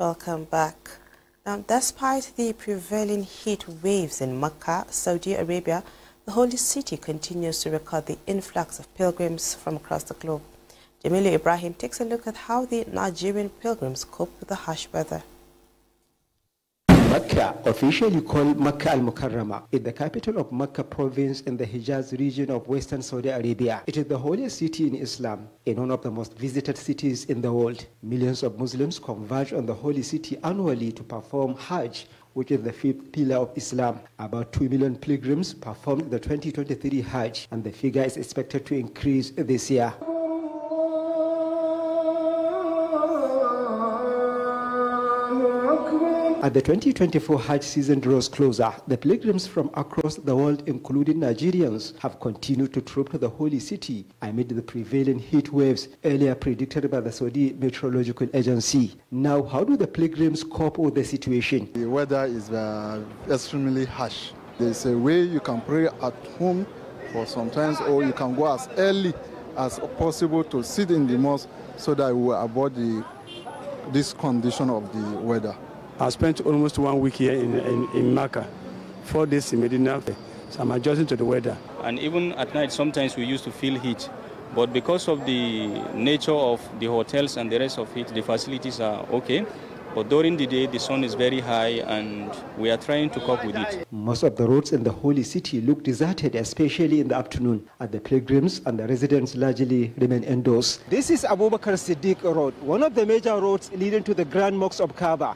Welcome back. Now, despite the prevailing heat waves in Mecca, Saudi Arabia, the holy city continues to record the influx of pilgrims from across the globe. Jamilu Ibrahim takes a look at how the Nigerian pilgrims cope with the harsh weather. Mecca, officially called Mecca al-Mukarrama, is the capital of Mecca province in the Hijaz region of western Saudi Arabia. It is the holiest city in Islam and one of the most visited cities in the world. Millions of Muslims converge on the holy city annually to perform Hajj, which is the fifth pillar of Islam. About 2 million pilgrims performed the 2023 Hajj, and the figure is expected to increase this year. as the 2024 Hajj season draws closer, the pilgrims from across the world, including Nigerians, have continued to troop to the holy city amid the prevailing heat waves earlier predicted by the Saudi Meteorological Agency. Now, how do the pilgrims cope with the situation? The weather is uh, extremely harsh. There's a way you can pray at home for sometimes, or you can go as early as possible to sit in the mosque so that we avoid the, this condition of the weather. I spent almost one week here in, in, in Maka, four days in Medina, so I'm adjusting to the weather. And even at night, sometimes we used to feel heat. But because of the nature of the hotels and the rest of it, the facilities are okay. But during the day, the sun is very high and we are trying to cope with it. Most of the roads in the holy city look deserted, especially in the afternoon, as the pilgrims and the residents largely remain indoors. This is Abubakar Siddiq Road, one of the major roads leading to the Grand Mosque of Kaaba.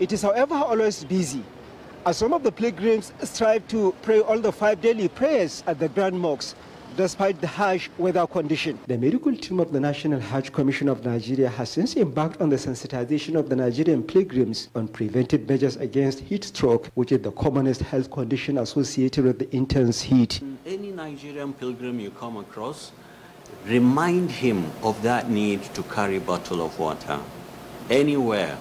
It is, however, always busy, as some of the pilgrims strive to pray all the five daily prayers at the Grand Mosque, despite the harsh weather condition. The medical team of the National Hajj Commission of Nigeria has since embarked on the sensitization of the Nigerian pilgrims on preventive measures against heat stroke, which is the commonest health condition associated with the intense heat. Any Nigerian pilgrim you come across, remind him of that need to carry a bottle of water anywhere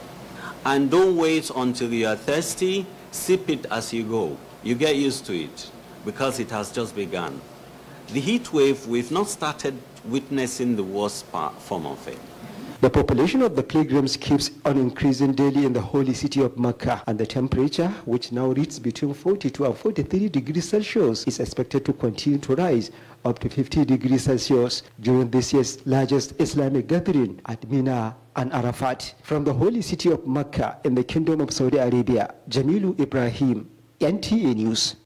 and don't wait until you are thirsty. Sip it as you go. You get used to it because it has just begun. The heat wave, we've not started witnessing the worst part, form of it. The population of the pilgrims keeps on increasing daily in the holy city of Mecca, and the temperature, which now reaches between 42 and 43 degrees Celsius, is expected to continue to rise up to 50 degrees Celsius during this year's largest Islamic gathering at Mina and Arafat. From the holy city of Mecca in the Kingdom of Saudi Arabia, Jamilu Ibrahim, NTA News.